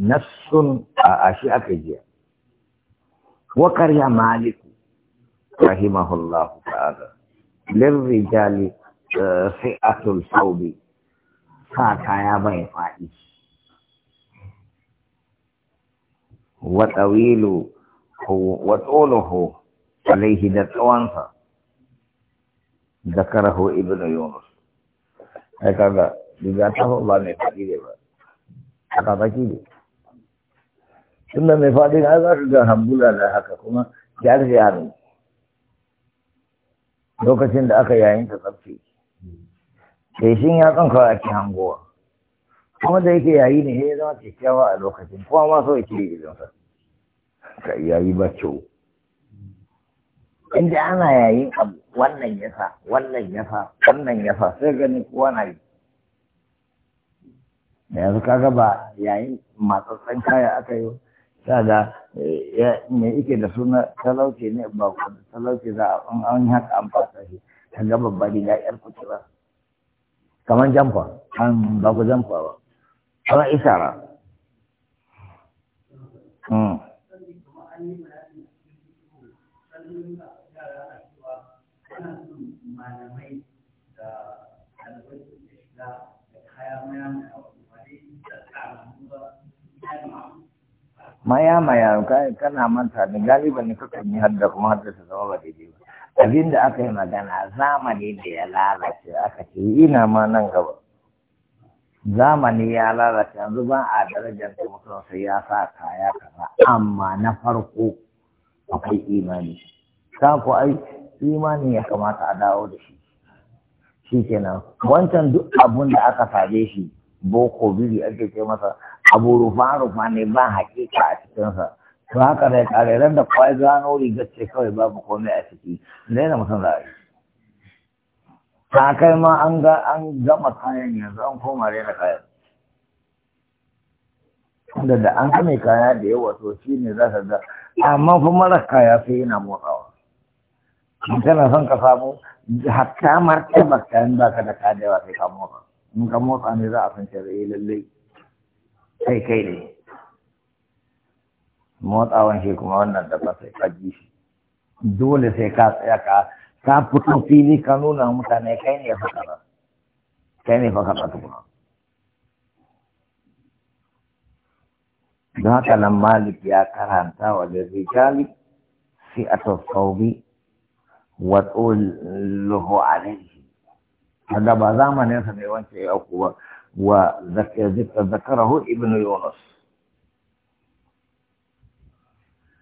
نفس أشياء آه، آه، كجيه وقرية مالك رحمه الله تعالى للرجال فئة آه، الحوب فاتايا بين فائش وطويل وطوله عليه دتوانسا ذكره ابن يونس هكذا بذاته الله نفعي ذلك a ne tun da mai faɗi na za su ga hambula da haka kuma ya rufe hannu lokacin da aka yayin ta tsabce feshin ya tsanka a ke hangowa kuma da yake yayi ne ya zama kyakkyawa a lokacin kuma ma so yake yi idan sa ka yayi ba kyau inda ana yayin abu wannan ya sa wannan ya sa wannan ya sa sai gani kowa na yi da yanzu kaga ba yayin matsatsan kaya aka yi da eh, me ike da suna talauce ne ba kuma talauce za a an yi haka an fasa shi kaga babba riga yar kuce ba kamar jamfa an ba ku jamfa ba kamar isara Hmm. maya maya kana manta da galiban ne kakan yi hadda kuma hadda ta zama ba daidai ba abin da aka yi magana zamani da ya lalace aka ce ina ma nan gaba zamani ya lalace yanzu ba a darajar da mutum sai ya sa kaya kaza amma na farko akwai imani ka ko ai imani ya kamata a dawo da shi shi kenan wancan duk abun da aka same shi boko biri ake ce masa abu rufa rufa ne ba hakika a cikinsa to haka da kareren da kwai gano riga ce kawai babu komai a ciki zai na mutum zai ta kai ma an ga an gama kayan yanzu an koma rena kayan da da an kame kaya da yawa to shi ne za ka ga amma fa mara kaya sai yana motsawa in kana son ka samu hatta martaba kayan baka da kadewa sai ka motsa in ka motsa ne za a san ce eh lallai kai kai ne motsawan shi kuma wannan ba sai ka ji shi dole sai ka tsaya ka ka fito fili ka nuna mutane kai ne fa kaza kai ne fa kaza tukuna don haka nan malik ya karanta wa da rijali sai a tasaubi wa tsolluhu alaihi kaga ba zamaninsa ne wancan ya auku ba وذكره ابن يونس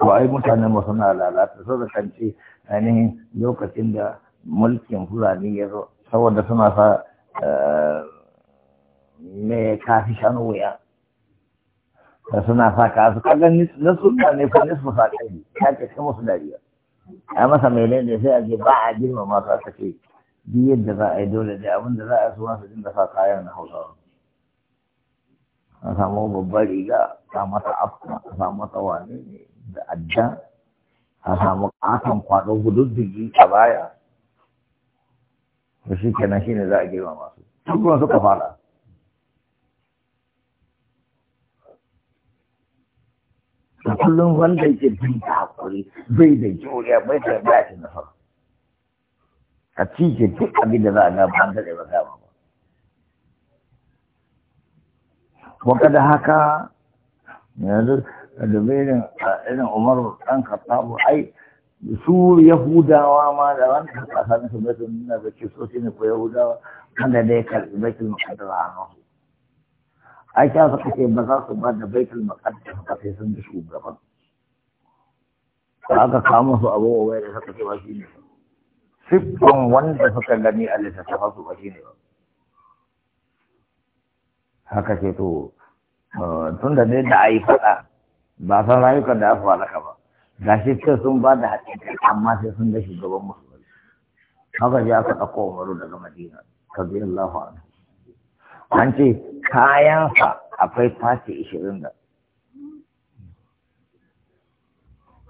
وأي متعنى مصنع لا تصدق أن شيء يعني لوكة عند ملك فلاني سوى دسنا فا mai kafi shan wuya da suna saka su kaga na sunna ne fa nisfu sakari ta ce kai musu dariya a masa mai ne sai a ba a girmama masu duk yadda za a yi dole da abin da za a suwa su dinga sa kayan na hausawa a samu babbar riga a mata afka a samu mata wane da adda a samu katon kwaɗo gududdigi a baya to shi kenan shi ne za a girma masu tukunan suka fara kullum wanda yake bin da hakuri bai da juriya bai da yadda ake nasara a cije duk abin da za a gaba an daɗe ba gaba ba waka da haka yanzu da irin irin umar ɗan kattabu ai su yahudawa ma da wani kasa sanin su baitul nuna da ke shi ne ko yahudawa da dai karɓi baitul muqaddas a hannunsu ai ta suka ce ba za su ba da baitul muqaddas ba sai sun da shugaban aka kama su abubuwa wa da suka ce ba shi ne siffan wanda suka gani a littattafansu su ba shi ne ba haka ce to uh, tun da ne da a yi faɗa ba san rayukan da aka faɗa ba ga shi ce sun ba da haƙiƙa amma sai sun da shugaban musulmi haka ce aka ɗauko umaru daga madina biyan lafa an ce kayansa akwai fati ishirin da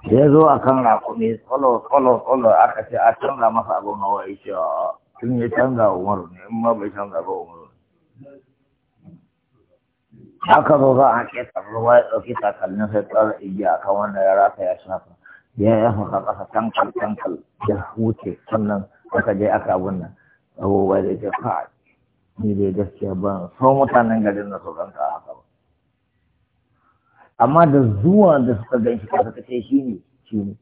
da ya zo a kan rakumi tsolo tsolo tsolo aka ce a canza masa abu na wa ishe tun ya canza umaru ne in ma bai canza ba umaru haka zo za a tsarar ruwa ya ɗauki takalmin sai tsara igiya a kan wanda ya rasa ya shafa ya yi haka ƙasa tankal tankal ya wuce sannan aka je aka abun nan abubuwa da ce ka ni dai gaskiya ban sau mutanen garin na su ganka haka ba amma da zuwa da suka gan shi kasa kace shi ne shi ne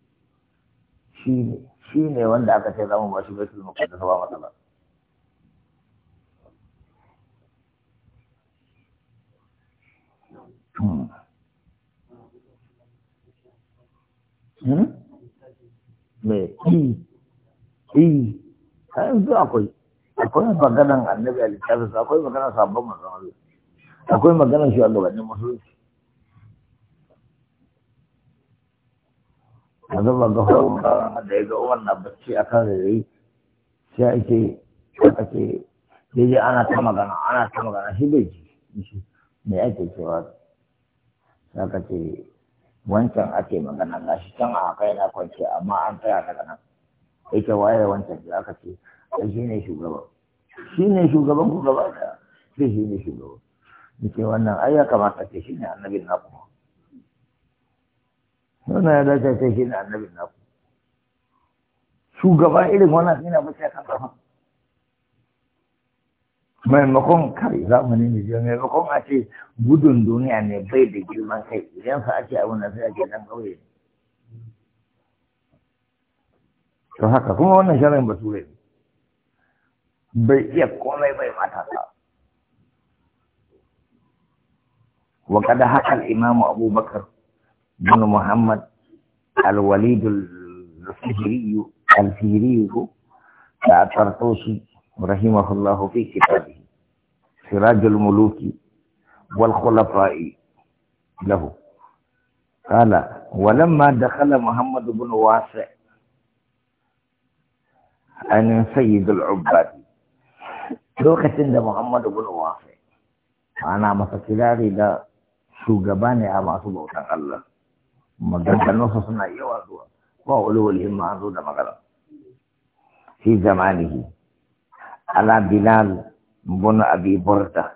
shi ne shi ne wanda aka ce zamu bashi baitul muqaddas ba matsala Hmm. Hmm? Me, i, i, kayan zuwa akwai, akwai maganan annabi a littafinsa, akwai maganan sabon manzon akwai maganan shugabannin musulunci. yanzu ba ga hauka da ya ga wannan bacci a kan rayi sai ake ake daidai ana ta magana ana ta magana shi bai ji mai ake cewa za ka ce wancan ake magana ga shi can a kai na kwanci amma an tsaya daga nan ita waye wancan da ka ce shi ne shugaba shi ne shugaban ku gaba ɗaya sai shi ne shugaba da ke wannan ai ya kamata ce shi ne annabin kuma wannan ya dace sai shi ne annabi na ku shugaba irin wannan ina mace kan kafa maimakon kai zamani ne jiya maimakon a ce gudun duniya ne bai da girman kai idan sa ake abin da sai ake dan kauye to haka kuma wannan sharin bature ne bai iya komai bai matasa وقد حكى الإمام أبو بكر بن محمد الوليد الفهري الفهري الطرطوسي رحمه الله في كتابه سراج الملوك والخلفاء له قال ولما دخل محمد بن واسع أن سيد العباد lokacin da محمد بن واسع أنا masa kirari da shugaba ne a masu مدن كنوصة صنعية وأدوى ما أولو الهم عنه دم في زمانه على بلال بن أبي بردة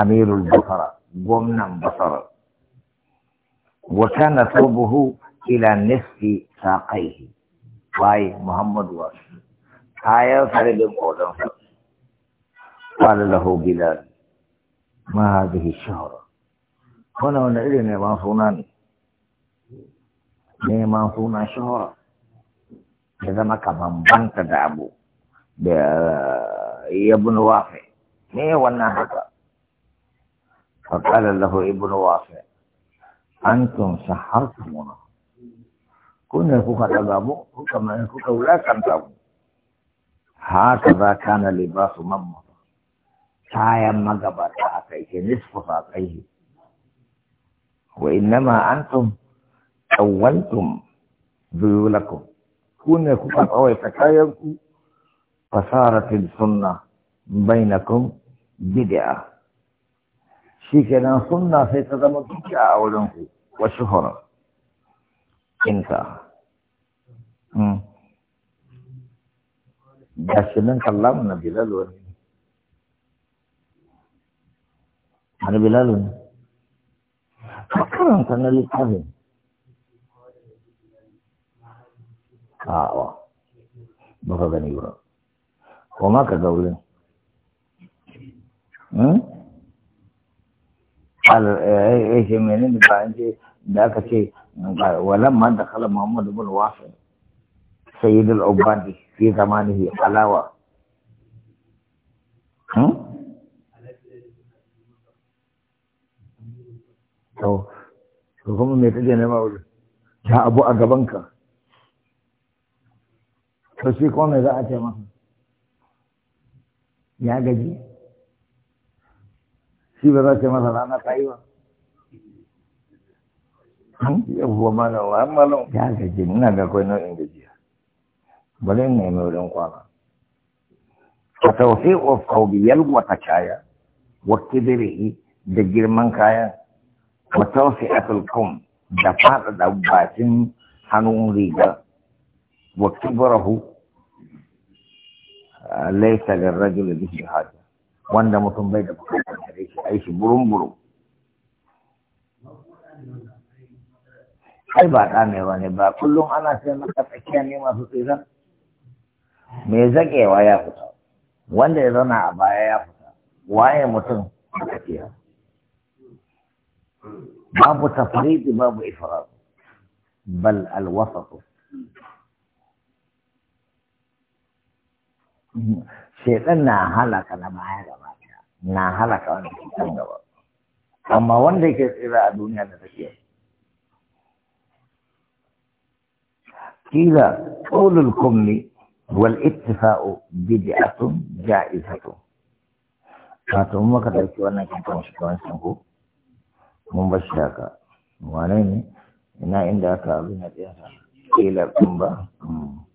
أمير البصرة بمنا بصرة وكان ثوبه إلى نصف ساقيه واي محمد واس تايا فرد مودن قال له بلال ما هذه الشهرة هنا هنا إلينا ما صناني memang suna shahara Kita maka bambang bambanta da abu da ibn wafi Ini wana haka Fakala lahu ibn wafi Antum sahar sahartu Kuna kunya kuka daga mu kuka mai kuka wulakanta mu haka bakana libasu mamma Saya magabata a kai ke nisfu sa kai wa innama antum كونتم ذيولكم يكون او فكايكم فصارت السنة بينكم بدعة شيكنا سنة في تدمجك أولاً وشهرة انت جاسمين كلام نبي لالون نبي لالون فكرا انت نبي لالون a'a ba ka gani ba ko ma ka ga wurin hmm? eh, eh, shi mene ne ba ce da aka ce walan ma da kala muhammadu bin wasu sayyidul ubadi fi zamanihi alawa hmm? to kuma me ne nema wurin ya abu a gabanka to shi ko me za a ce masa ya gaji shi ba za a ce masa rana ta yi ba hmm? yawwa malam an malam ya gaji ina ga kai nau'in gajiya bari ne mai wurin kwana a tauhi of kaubiyar wata kaya wa kibirihi da girman kayan wa tausi atulkum da faɗaɗa bakin hannun riga wa kibirahu laisa lirrajul bihi haja wanda mutum bai da bukatar da shi aishi burum burum ai ba da mai wani ba kullum ana sai maka tsakiya ne masu tsira me zakewa ya fita wanda ya zauna a baya ya fita waye mutum a tsakiya babu tafriqi babu ifrat bal alwasatu shaitan na halaka na baya gaba na halaka wanda ke kan gaba amma wanda ke tsira a duniya da take kila qawlul kummi wal ittifa'u bid'atun ja'izatun wato mun maka dauki wannan kitan shi kawai san ko mun ba shi haka wane ne ina inda aka abin da ya sa kila kumba hmm.